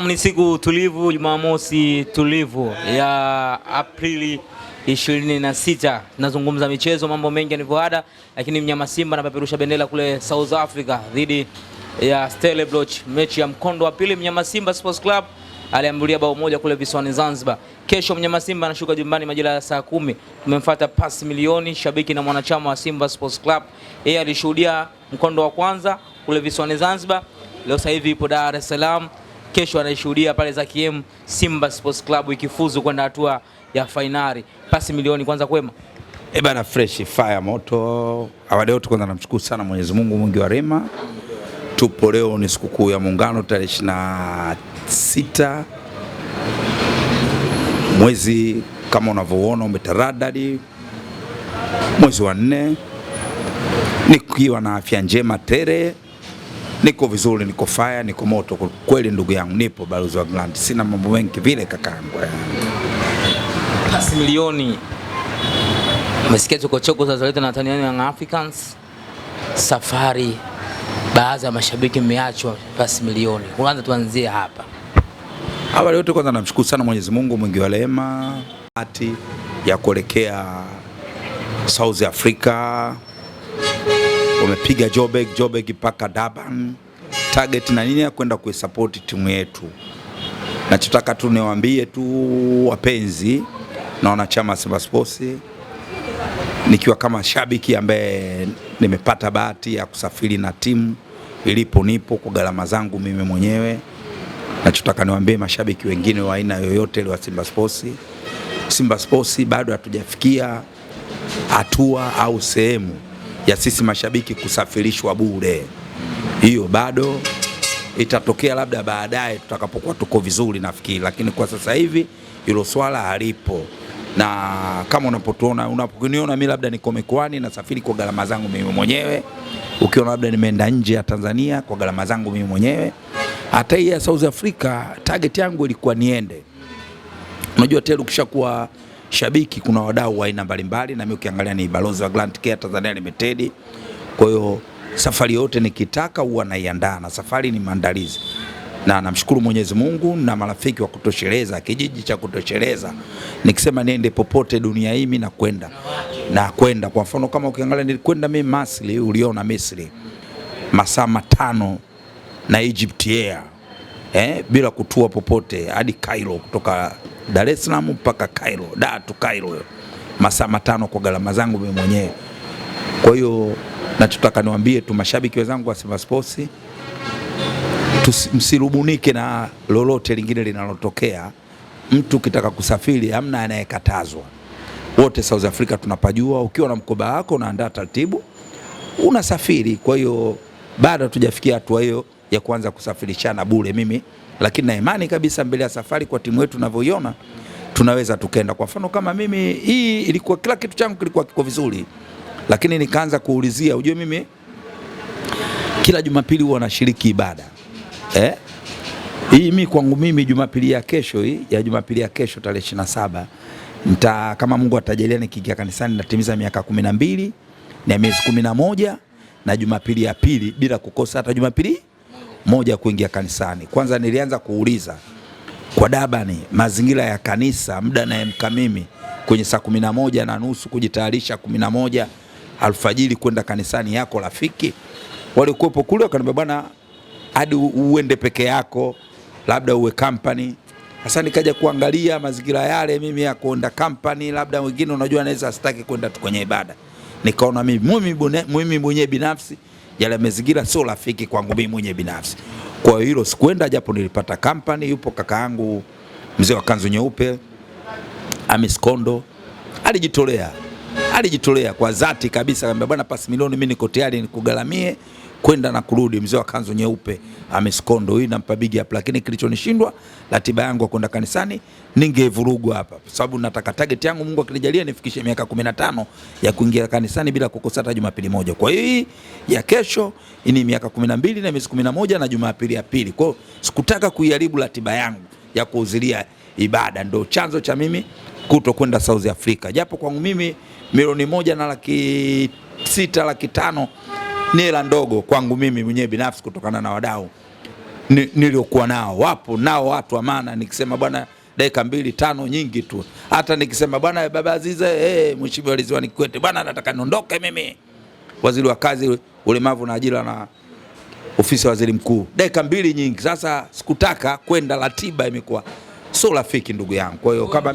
Naam, ni siku tulivu, Jumamosi tulivu ya Aprili 26. Tunazungumza michezo, mambo mengi yanivyoada, lakini mnyama Simba anapeperusha bendera kule South Africa dhidi ya Stellenbosch, mechi ya mkondo wa pili. Mnyama Simba Sports Club aliambulia bao moja kule visiwani Zanzibar. Kesho mnyama Simba anashuka jumbani majira ya saa kumi. Tumemfuata pasi milioni, shabiki na mwanachama wa Simba Sports Club. Yeye alishuhudia mkondo wa kwanza kule visiwani Zanzibar, leo sasa hivi ipo Dar es Salaam kesho anaishuhudia pale za KM Simba Sports Club ikifuzu kwenda hatua ya fainali. Pasi milioni kwanza kwema E bana, fresh fire moto awadeo. Kwanza namshukuru sana Mwenyezi Mungu mwingi wa rema. Tupo leo ni sikukuu ya Muungano, tarehe ishirini na sita mwezi kama unavyoona umetaradadi, mwezi wa nne, nikiwa na afya njema tere. Niko vizuri, niko fire, niko moto kweli, ndugu yangu, nipo balozi wa Grand, Sina mambo mengi vile kakaangu. Pasi milioni umesikia choko za zaleta na Tanzania Young Africans safari, baadhi ya mashabiki mmeachwa pasi milioni. Kwanza tuanzie hapa. Awali yote, kwanza namshukuru sana Mwenyezi Mungu mwingi wa rehema, hati ya kuelekea South Africa wamepiga jobe Jobek mpaka Durban, target na nini ya kwenda kuisapoti timu yetu. Nachotaka tu niwaambie tu wapenzi na wanachama Simba Sports, nikiwa kama shabiki ambaye nimepata bahati ya kusafiri na timu ilipo nipo kwa gharama zangu mimi mwenyewe. Nachotaka niwaambie mashabiki wengine wa aina yoyote wa Simba Sports, Simba Sports bado hatujafikia hatua au sehemu ya sisi mashabiki kusafirishwa bure. Hiyo bado itatokea labda baadaye tutakapokuwa tuko vizuri nafikiri, lakini kwa sasa hivi hilo swala halipo, na kama unapotuona unaponiona mimi labda niko mikoani nasafiri kwa gharama zangu mimi mwenyewe, ukiona labda nimeenda nje ya Tanzania kwa gharama zangu mimi mwenyewe. Hata hii ya South Africa target yangu ilikuwa niende, unajua tele ukishakuwa shabiki, kuna wadau wa aina mbalimbali, na mimi ukiangalia ni balozi wa Grant Care Tanzania Limited. Kwa hiyo safari yote nikitaka huwa naiandaa, na safari ni maandalizi, na namshukuru Mwenyezi Mungu na marafiki wa kutosheleza, kijiji cha kutosheleza. Nikisema niende popote dunia hii mimi nakwenda na kwenda. Kwa mfano kama ukiangalia nilikwenda mimi Masri, uliona Misri masaa matano na Egypt Air eh, bila kutua popote hadi Cairo kutoka Dar es Salaam mpaka Cairo, Dar to Cairo, masaa matano kwa gharama zangu mimi mwenyewe. Kwa hiyo nachotaka niwaambie tu mashabiki wenzangu wa Simba Sports, msirubunike na lolote lingine linalotokea. Mtu ukitaka kusafiri, hamna anayekatazwa, wote South Africa tunapajua. Ukiwa na mkoba wako unaandaa taratibu, unasafiri. Kwa hiyo bado hatujafikia hatua hiyo ya kuanza kusafirishana bure mimi lakini na imani kabisa mbele ya safari kwa timu yetu tunavyoiona tunaweza tukenda. Kwa mfano kama mimi, hii ilikuwa kila kitu changu kilikuwa kiko vizuri, lakini nikaanza kuulizia. Unajua mimi kila Jumapili huwa nashiriki ibada eh? Hii mimi kwangu mimi Jumapili ya kesho hii ya Jumapili ya kesho tarehe saba nita kama Mungu atajalia nikiingia kanisani natimiza miaka kumi na mbili na miezi kumi na moja na Jumapili ya pili bila kukosa hata Jumapili moja kuingia kanisani. Kwanza nilianza kuuliza kwa dabani mazingira ya kanisa, muda naemka mimi kwenye saa kumi na moja na nusu kujitayarisha kumi na moja alfajiri kwenda kanisani yako rafiki? Walikuwepo kule wakaniambia, bwana, hadi uende peke yako, labda uwe company. Sasa nikaja kuangalia mazingira yale mimi ya kuenda company, labda wengine, unajua, naweza sitaki kwenda tu kwenye ibada. Nikaona mimi mimi mwenyewe binafsi yale mazingira sio rafiki kwangu mimi mwenyewe binafsi. Kwa hiyo hilo sikwenda, japo nilipata kampani. Yupo kaka yangu mzee wa kanzu nyeupe Amis Kondo, alijitolea alijitolea kwa dhati kabisa, kaambia bwana, pasi milioni mimi niko tayari nikugaramie kwenda na kurudi, mzee wa kanzu nyeupe amesikondo Hii nampa big up, lakini kilichonishindwa ratiba yangu ya kwenda kanisani, ningevurugwa hapa, kwa sababu nataka target yangu, Mungu akinijalia nifikishe miaka 15 ya kuingia kanisani bila kukosa hata Jumapili moja. Kwa hiyo ya kesho ni miaka 12 na miezi 11 na Jumapili ya pili. Kwa hiyo sikutaka kuiharibu ratiba yangu ya kuhudhuria ibada, ndio chanzo cha mimi kuto kwenda South Africa, japo kwangu mimi milioni moja na laki sita laki tano ni hela ndogo kwangu mimi mwenyewe binafsi, kutokana na wadau niliokuwa nao. Wapo nao watu wa maana, nikisema bwana dakika mbili tano nyingi tu, hata nikisema bwana baba Azize, hey, eh, mheshimiwa Ridhiwani Kikwete bwana nataka niondoke mimi, waziri wa kazi, ulemavu na ajira na ofisi ya waziri mkuu, dakika mbili nyingi. Sasa sikutaka kwenda, ratiba imekuwa sio rafiki ndugu yangu. Kwa hiyo kama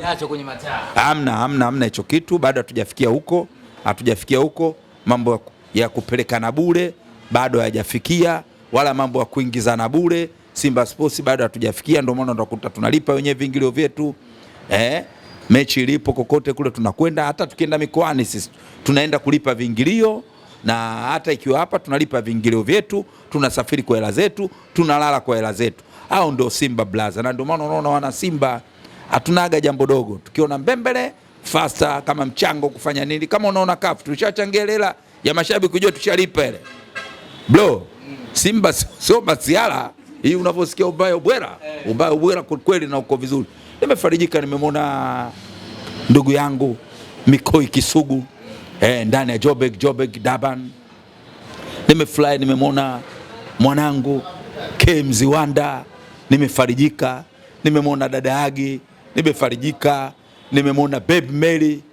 hamna hamna hamna hicho kitu, bado hatujafikia huko, hatujafikia huko mambo ya kupelekana bure bado hayajafikia, wala mambo ya kuingizana bure Simba Sports bado hatujafikia. Ndio maana utakuta tunalipa wenyewe vingilio vyetu eh, mechi ilipo kokote kule tunakwenda, hata tukienda mikoani sisi tunaenda kulipa vingilio, na hata ikiwa hapa tunalipa vingilio vyetu, tunasafiri kwa hela zetu, tunalala kwa hela zetu. Hao ndio Simba Blaza, na ndio maana unaona wana Simba hatunaga jambo dogo, tukiona mbembele fasta kama mchango kufanya nini, kama unaona kafu tulishachangia hela ya mashabiki kujua tushalipa ile. Bro, Simba sio masiala hii unavyosikia ubaya ubwera. Eh. Ubaya ubwera kweli na uko vizuri. Nimefarijika nimemwona ndugu yangu Mikoi Kisugu eh, ndani ya Jobek Jobek Daban. Nimefurahi nimemwona mwanangu KMZ Wanda, nimefarijika nimemwona dada Agi, nimefarijika nimemwona Babe Mary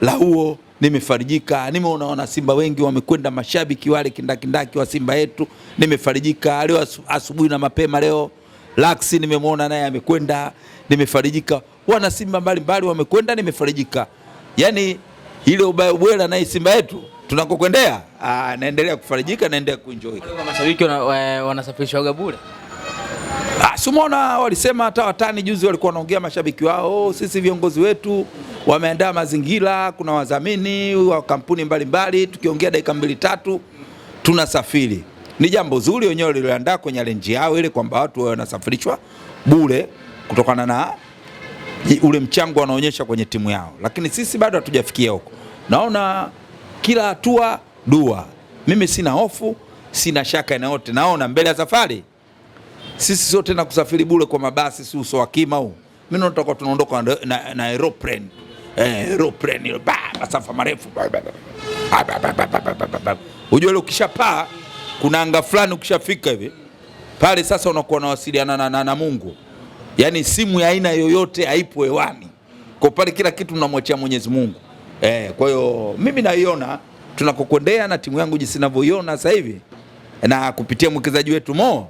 Lauo nimefarijika, nimeona wana Simba wengi wamekwenda, mashabiki wale kindakindaki wa Simba yetu, nimefarijika leo asubuhi na mapema leo Laksi nimemwona naye amekwenda, nimefarijika. Wana Simba mbalimbali wamekwenda, nimefarijika. Yaani ile ubaya ubwela na Simba yetu tunakokwendea, ah, naendelea kufarijika, naendelea kuenjoy. Mashabiki wanasafirishwa bure. Ah, sumona walisema hata watani juzi walikuwa wanaongea mashabiki wao, oh, sisi viongozi wetu wameandaa mazingira, kuna wadhamini wa kampuni mbalimbali, tukiongea dakika mbili tatu tunasafiri. Ni jambo zuri wenyewe lililoandaa kwenye renji yao ile, kwamba watu wawe wanasafirishwa bure kutokana na ule mchango wanaonyesha kwenye timu yao, lakini sisi bado hatujafikia huko. Naona kila hatua dua. Mimi sina hofu, sina shaka na Naona mbele ya safari sisi sio tena kusafiri bure kwa mabasi, si uso wa kima huu. Mimi naona tutakuwa tunaondoka na, na, na aeroplane masafa marefu. Unajua ile ukishapaa kuna anga fulani ukishafika hivi pale, sasa unakuwa unawasiliana na, na, na Mungu, yaani simu ya aina yoyote haipo hewani kwa pale, kila kitu mnamwachia Mwenyezi Mungu eh. Kwa hiyo mimi naiona tunakokwendea na timu yangu jinsi ninavyoiona sasa hivi na kupitia mwekezaji wetu Mo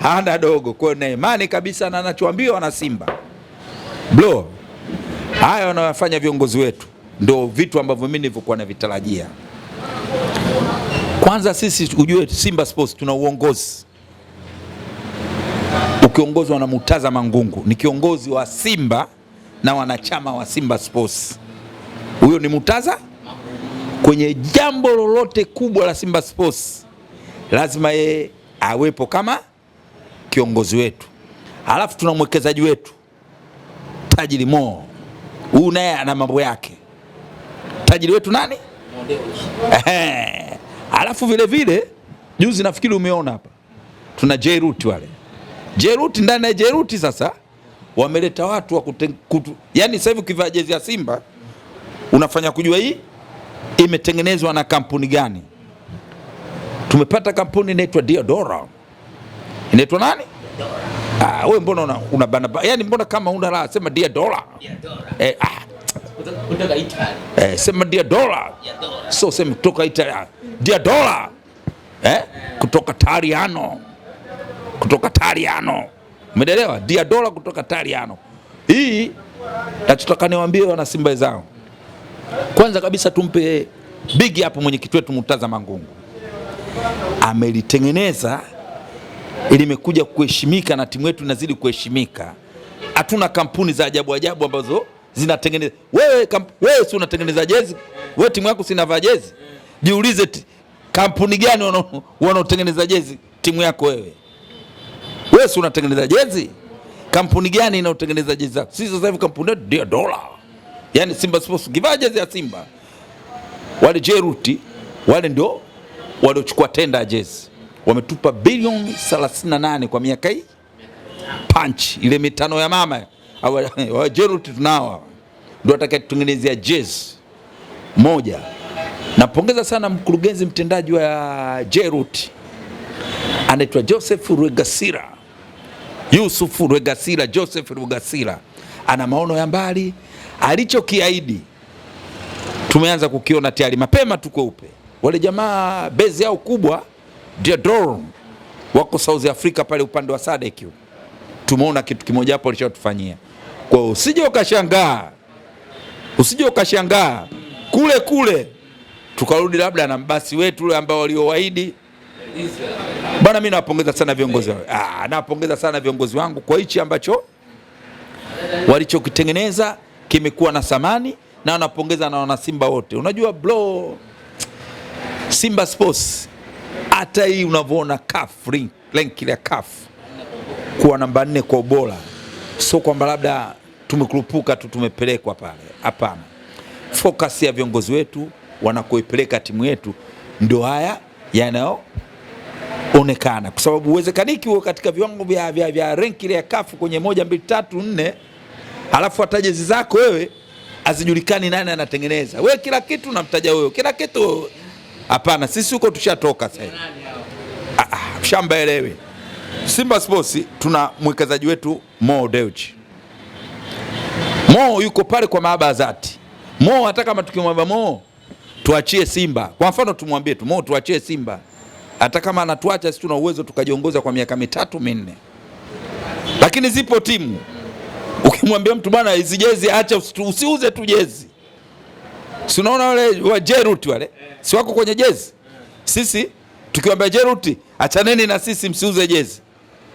hana dogo, kwa hiyo na imani kabisa na anachoambiwa na Simba bro Haya wanayofanya viongozi wetu ndio vitu ambavyo mimi nilivyokuwa navitarajia. Kwanza sisi ujue, Simba Sports tuna uongozi ukiongozwa na Murtaza Mangungu, ni kiongozi wa Simba na wanachama wa Simba Sports. Huyo ni Murtaza. Kwenye jambo lolote kubwa la Simba Sports lazima yeye awepo kama kiongozi wetu, alafu tuna mwekezaji wetu Tajiri moo Huyu naye ana mambo yake, tajiri wetu nani? Alafu vile vile juzi nafikiri umeona hapa tuna Jairut wale Jairut, ndani ya Jairut sasa wameleta watu wa kute, kutu, yani sasa hivi ukivaa jezi ya Simba unafanya kujua hii imetengenezwa na kampuni gani. Tumepata kampuni inaitwa Diadora, inaitwa nani? Ah, wewe mbona una, una bana yani mbona kama una la sema dia dola. Dia dola. Eh, ah. Kutoka Italy. Eh, sema dia dola. Dia dola. So sema kutoka Italy. Ah, dia dola. Eh? Kutoka Tariano. Kutoka Tariano. Umeelewa? Dia dola kutoka Tariano. Hii nachotaka niwaambie wana Simba zao. Kwanza kabisa tumpe bigi hapo mwenyekiti wetu Murtaza Mangungu. Amelitengeneza limekuja kuheshimika na timu yetu inazidi kuheshimika. Hatuna kampuni za ajabu ajabu ambazo zinatengeneza wewe, wewe si unatengeneza jezi wewe, timu yako sinavaa jezi? Jiulize kampuni gani wanaotengeneza jezi timu yako wewe? Wewe si unatengeneza jezi? Kampuni gani inayotengeneza jezi zako? Sisi sasa hivi kampuni yetu ndio dola, yaani Simba Sports. kivaa jezi ya Simba wale jeruti wale ndio waliochukua tenda ya jezi wametupa bilioni 38 kwa miaka hii punch ile mitano ya mama Jerut tunao ndio atakayetutengenezea jezi moja. Napongeza sana mkurugenzi mtendaji wa jerut anaitwa Joseph Rwegasira, Yusuf Rwegasira, Joseph Rwegasira ana maono ya mbali. Alichokiahidi tumeanza kukiona tayari, mapema tu kweupe. Wale jamaa bezi yao kubwa Diodoro wako South Africa pale upande wa SADC. Tumeona kitu kimoja hapo alichotufanyia. Kwa hiyo usije ukashangaa, usije ukashangaa kule kule tukarudi labda na mbasi wetu ule ambao waliowaahidi bana. Mimi nawapongeza sana viongozi wangu, ah, nawapongeza sana viongozi wangu kwa hichi ambacho walichokitengeneza kimekuwa na thamani, na wanapongeza na wanasimba wote. Unajua bro, Simba Sports hata hii unavyoona CAF rank ya CAF kuwa namba nne kwa ubora, sio kwamba labda tumekurupuka tu tumepelekwa pale, hapana. Focus ya viongozi wetu wanakoipeleka timu yetu ndio haya yanayoonekana, kwa sababu uwezekaniki huo katika viwango vya, vya, vya rank ya CAF kwenye moja mbili tatu nne, alafu hata jezi zako wewe hazijulikani nani anatengeneza. Wewe kila kitu namtaja huyo, kila kitu Hapana, sisi huko tushatoka sasa hivi. Ah, ah, Shamba elewe. Simba Sports tuna mwekezaji wetu Mo Dewji. Mo yuko pale kwa mahaba zati. Mo hata kama tukimwambia Mo tuachie Simba, kwa mfano tumwambie tu Mo tuachie Simba, hata kama anatuacha sisi tuna uwezo tukajiongoza kwa miaka mitatu minne. Lakini zipo timu ukimwambia mtu bwana, hizi jezi acha, usiuze tu jezi Si unaona wale wa Jerut wale si wako kwenye jezi? Sisi tukiwaambia jerut achaneni na sisi, msiuze jezi,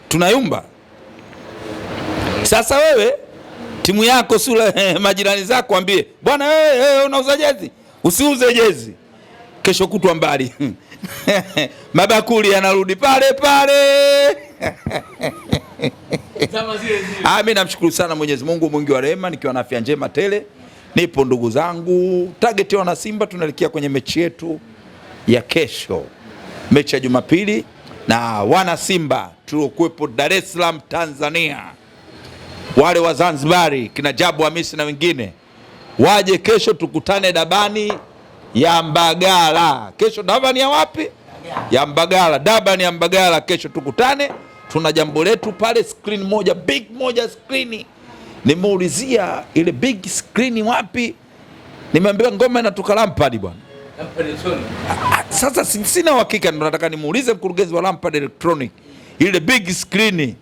tunayumba. Sasa wewe timu yako sura majirani zako ambie bwana, wewe hey, hey, unauza jezi, usiuze jezi, kesho kutwa mbali mabakuli yanarudi pale pale. Ah, mimi namshukuru sana Mwenyezi Mungu mwingi wa rehema, nikiwa na afya njema tele nipo ndugu zangu. Target ya wanasimba tunaelekea kwenye mechi yetu ya kesho, mechi ya Jumapili na wanasimba tuliokuwepo Dar es Salaam Tanzania, wale wa Zanzibari kina Jabu Hamisi na wengine waje kesho, tukutane dabani ya Mbagala kesho. Dabani ya wapi? Ya Mbagala. Dabani ya Mbagala kesho tukutane, tuna jambo letu pale, screen moja big moja, screen nimeulizia ile big screen wapi, nimeambiwa ngoma inatoka Lampard bwana. Ah, ah, sasa sina uhakika, ndo nataka nimuulize mkurugenzi wa Lampard Electronic ile big screen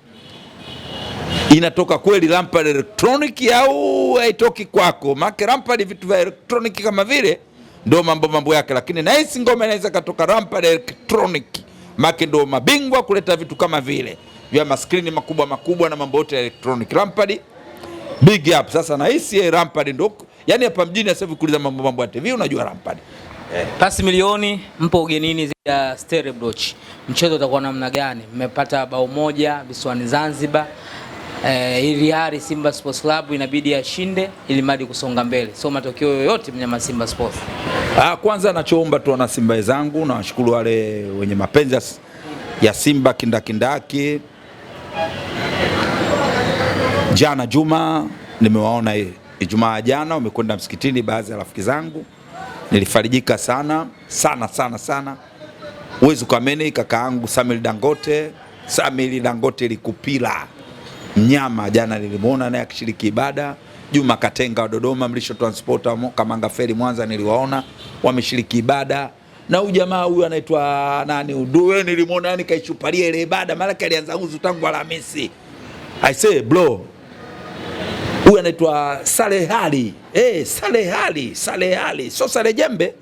inatoka kweli Lampard Electronic au haitoki kwako? Maana Lampard vitu vya electronic kama vile ndo mambo mambo yake, lakini na ngoma inaweza katoka Lampard Electronic, maana ndo mabingwa kuleta vitu kama vile vya maskrini makubwa makubwa na mambo yote ya electronic Lampard big up. Sasa hisi ya Lampard ndo yani hapa mjini sasa kuuliza mambo mambo ya TV unajua Lampard. Eh, pasi milioni mpo ugenini dhidi ya Stellenbosch. Mchezo utakuwa namna gani? Mmepata bao moja visiwani Zanzibar. Eh, ili hali Simba Sports Club inabidi ashinde ili madi kusonga mbele. So matokeo yoyote mnyama Simba Sports. Ah, kwanza nachoomba tu na Simba zangu na washukuru wale wenye mapenzi ya Simba kindakindaki Jana Juma nimewaona Ijumaa jana wamekwenda msikitini baadhi ya rafiki zangu, nilifarijika sana sana sana sana. Huwezi kuamini kaka yangu Samuel Dangote, Samuel Dangote likupila mnyama, jana nilimuona naye akishiriki ibada. Juma Katenga wa Dodoma, Mlisho Transporter Kamanga Feri Mwanza, niliwaona wameshiriki ibada na huyu jamaa huyu anaitwa nani Uduwe, nilimuona yani kaishupalia ile ibada, maana alianza uzu tangu Alhamisi. I say bro anaitwa Salehali eh, Salehali, Salehali sio Sale Jembe,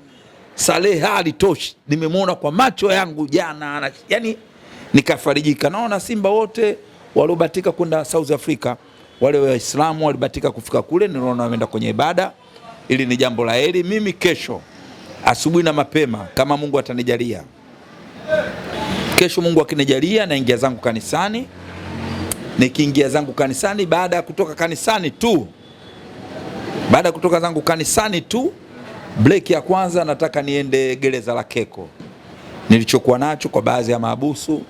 Salehali Tosh. Nimemwona kwa macho yangu jana, Yaani nikafarijika. Naona Simba wote waliobatika kwenda South Africa, wale Waislamu walibatika kufika kule, niliona wameenda kwenye ibada. Ili ni jambo la heri. Mimi kesho asubuhi na mapema, kama Mungu atanijalia, kesho Mungu akinijalia, naingia zangu kanisani nikiingia zangu kanisani, baada ya kutoka kanisani tu, baada ya kutoka zangu kanisani tu, break ya kwanza nataka niende gereza la Keko nilichokuwa nacho kwa baadhi ya maabusu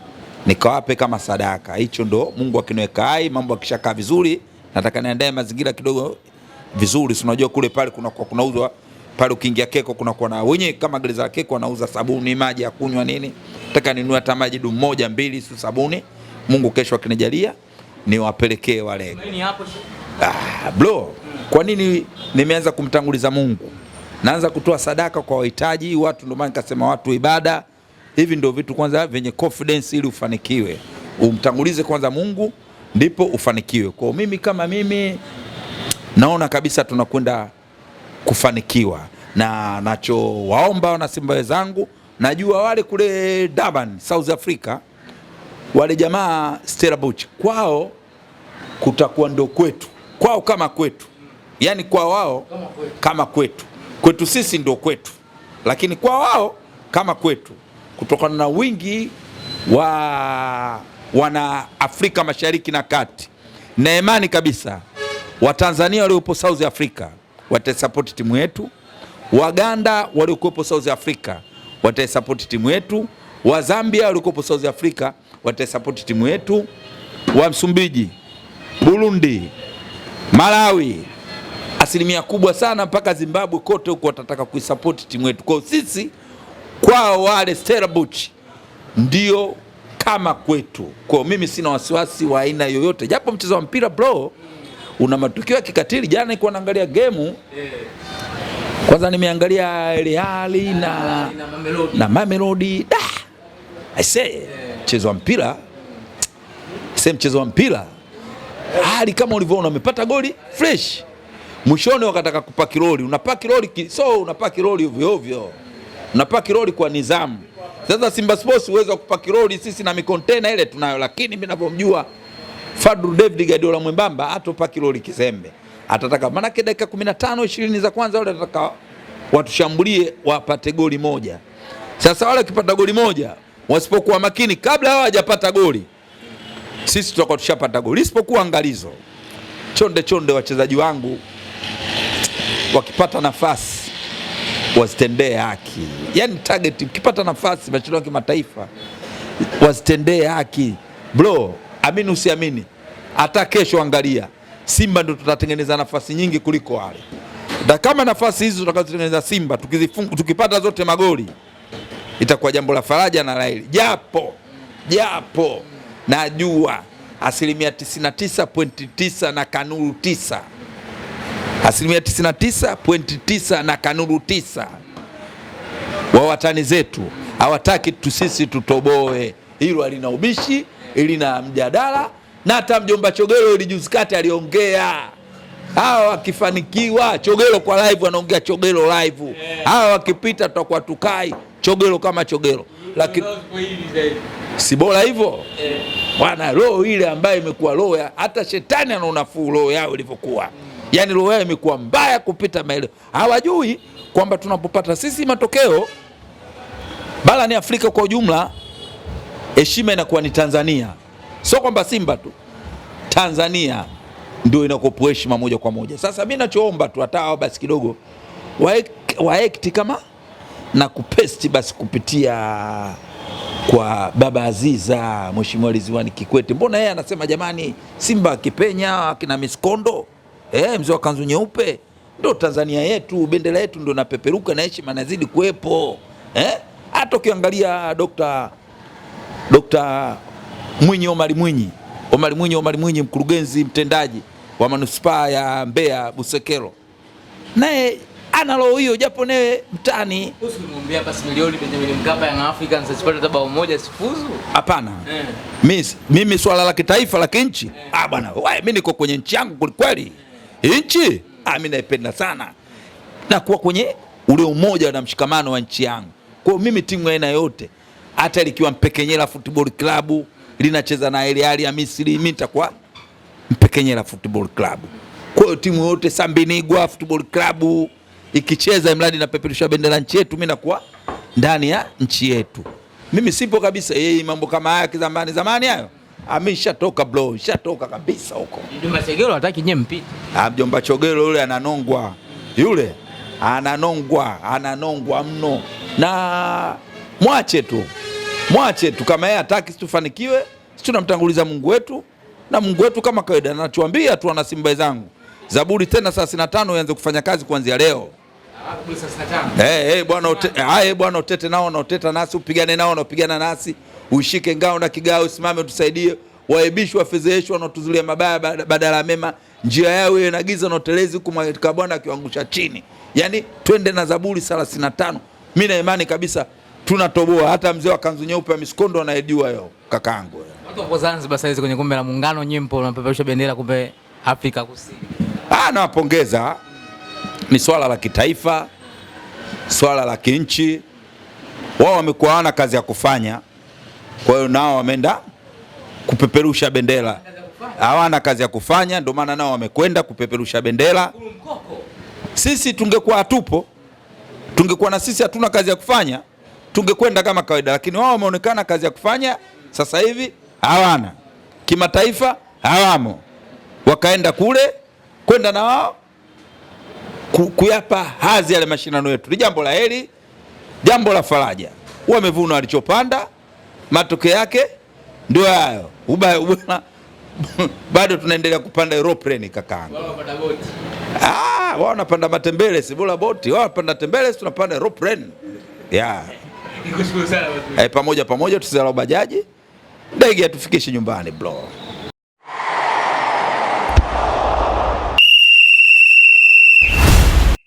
nikawape kama sadaka. Hicho ndo Mungu akiniweka hai, mambo akishakaa vizuri, nataka niandae mazingira kidogo vizuri. Si unajua kule pale kuna kwa kunauzwa pale, ukiingia Keko kuna kwa na wenye kama gereza la Keko wanauza sabuni, maji ya kunywa, nini. Nataka ninunue hata maji dumu moja mbili, si sabuni. Mungu kesho akinijalia niwapelekee wale. Ah, bro, kwa nini nimeanza kumtanguliza Mungu? Naanza kutoa sadaka kwa wahitaji watu, ndio maana nikasema watu ibada. Hivi ndio vitu kwanza vyenye confidence ili ufanikiwe. Umtangulize kwanza Mungu ndipo ufanikiwe. Kwa mimi kama mimi naona kabisa tunakwenda kufanikiwa na nachowaomba wana Simba wenzangu, najua wale kule Durban South Africa wale jamaa Stellenbosch kwao kutakuwa ndo kwetu, kwao kama kwetu, yaani kwa wao kama kwetu, kwetu sisi ndo kwetu, lakini kwa wao kama kwetu, kutokana na wingi wa wana Afrika Mashariki na Kati, na imani kabisa Watanzania waliopo South Africa wataisapoti timu yetu, Waganda waliokuwepo South Africa wataisapoti timu yetu, Wazambia waliokuwepo South Africa wataisapoti timu yetu, wa Msumbiji Burundi, Malawi, asilimia kubwa sana mpaka Zimbabwe, kote huko watataka kuisapoti timu yetu. Kwao sisi, kwao wale Sterabuchi ndio kama kwetu. Kwao mimi sina wasiwasi wa aina yoyote, japo mchezo wa mpira bro una matukio ya kikatili. Jana nilikuwa naangalia gemu kwanza, nimeangalia Real na na Mamelodi. Da, I say mchezo wa mpira, I mchezo wa mpira hali kama ulivyoona, umepata goli fresh, mwishoni wakataka kupaki roli, unapaki roli, so unapaki roli ovyo ovyo, unapaki roli kwa nidhamu. Sasa Simba Sports uwezo wa kupaki roli sisi na mikontena ile tunayo, lakini mimi ninavyomjua Fadru David Gadiola mwembamba atopaki roli kizembe, atataka manake dakika 15 20 za kwanza wale atataka watushambulie wapate goli moja. Sasa wale wakipata goli moja, wasipokuwa makini kabla hawajapata goli sisi tutakuwa tushapata goli, isipokuwa angalizo chonde chonde, wachezaji wangu wakipata nafasi wazitendee haki, yani target, ukipata nafasi mashindano ya kimataifa wazitendee haki bro. Amini usiamini, hata kesho angalia, Simba ndio tutatengeneza nafasi nyingi kuliko wale, na kama nafasi hizo tutakazotengeneza Simba tukizifunga, tukipata zote magoli itakuwa jambo la faraja na laili, japo japo najua asilimia 99.9 na kanuru 9, asilimia 99.9 na kanuru tisa wa watani zetu hawataki tusisi tutoboe. Hilo halina ubishi, ilina mjadala, na hata mjomba chogelo ili kati aliongea hawa wakifanikiwa, chogelo kwa live, wanaongea Chogelo live. Hawa wakipita tutakuwa tukai chogelo kama chogelo lakini si bora hivyo bwana. Roho ile ambayo imekuwa roho ya hata shetani unafuu roho yao ilivyokuwa, yaani roho yao imekuwa mbaya kupita maelezo. Hawajui kwamba tunapopata sisi matokeo barani Afrika kwa ujumla, heshima inakuwa ni Tanzania, sio kwamba Simba tu, Tanzania ndio inakopo heshima moja kwa moja. Sasa mimi nachoomba tu hata hao basi kidogo waekti kama na kupesti basi kupitia kwa baba Aziza, mheshimiwa Ridhiwani Kikwete, mbona yeye anasema jamani, Simba akipenya akina miskondo eh, mzee wa kanzu nyeupe ndio Tanzania yetu, bendera yetu ndio napeperuka na heshima nazidi kuwepo eh? Hata ukiangalia Dr. Dr. Mwinyi Omari Mwinyi Omari Mwinyi Omari Mwinyi, mkurugenzi mtendaji wa manispaa ya Mbeya Busekero, naye ana roho hiyo, japo naye mtani. Usimwambie hapa milioni Benjamin Mkapa ya Africa asipate hata moja sifuzu. Hapana. Eh. Mimi mimi swala la kitaifa la kinchi. Eh. Ah bwana, wewe mimi niko kwenye nchi yangu kwelikweli. Eh. Nchi? Ah mimi naipenda sana. Na kuwa kwenye ule umoja na mshikamano wa nchi yangu. Kwa hiyo mimi timu aina yote hata likiwa Mpekenyela Football Club linacheza na Al Ahly ya Misri, mimi nitakuwa Mpekenyela Football Club. Kwa hiyo timu yote Sambinigwa Football Club ikicheza mradi inapeperusha bendera nchi yetu, mimi nakuwa ndani ya nchi yetu. Mimi sipo kabisa yeye eh, mambo kama haya kizamani zamani hayo. Ameshatoka bro, shatoka kabisa huko. Mjomba Chogero hataki nyewe mpite. Ah, mjomba Chogero yule ananongwa. Yule ananongwa, ananongwa mno. Na mwache tu. Mwache tu kama yeye hataki situfanikiwe, si tunamtanguliza Mungu wetu na Mungu wetu kama kawaida anatuambia tu, wana Simba zangu. Zaburi tena 35 ianze kufanya kazi kuanzia leo hey, eh, eh, hey, bwana utete, hey, eh, ah, bwana utete nao unaoteta nasi, upigane nao unaopigana nasi, ushike ngao na kigao, usimame utusaidie. Waebishwa wafedheheshwa, wanaotuzulia mabaya badala ya mema, njia yao iwe na giza na utelezi, huku malaika Bwana akiwaangusha chini. Yani twende na Zaburi 35. Mimi na imani kabisa tunatoboa, hata mzee wa kanzu nyeupe ya misikondo anaediwa yo kakaangu watu wa Zanzibar saizi kwenye kombe la Muungano, nyimbo unapeperusha bendera kumbe Afrika Kusini. Ah, nawapongeza ni swala la kitaifa, swala la kinchi. Wao wamekuwa hawana kazi ya kufanya, kwa hiyo nao wameenda kupeperusha bendera, hawana kazi ya kufanya, ndio maana nao wamekwenda kupeperusha bendera. Sisi tungekuwa hatupo, tungekuwa na sisi hatuna kazi ya kufanya, tungekwenda kama kawaida, lakini wao wameonekana kazi ya kufanya sasa hivi hawana, kimataifa hawamo, wakaenda kule kwenda na wao kuyapa hadhi yale mashindano yetu ni jambo la heri, jambo la faraja. Wamevuna walichopanda, matokeo yake ndio hayo. Bado tunaendelea kupanda aeroplane kakaangu, wao wanapanda ah, matembele, si bora boti, wao wanapanda tembele, tunapanda aeroplane yeah. Hey, eh, pamoja pamoja tusizalau bajaji, ndege atufikishe nyumbani bro.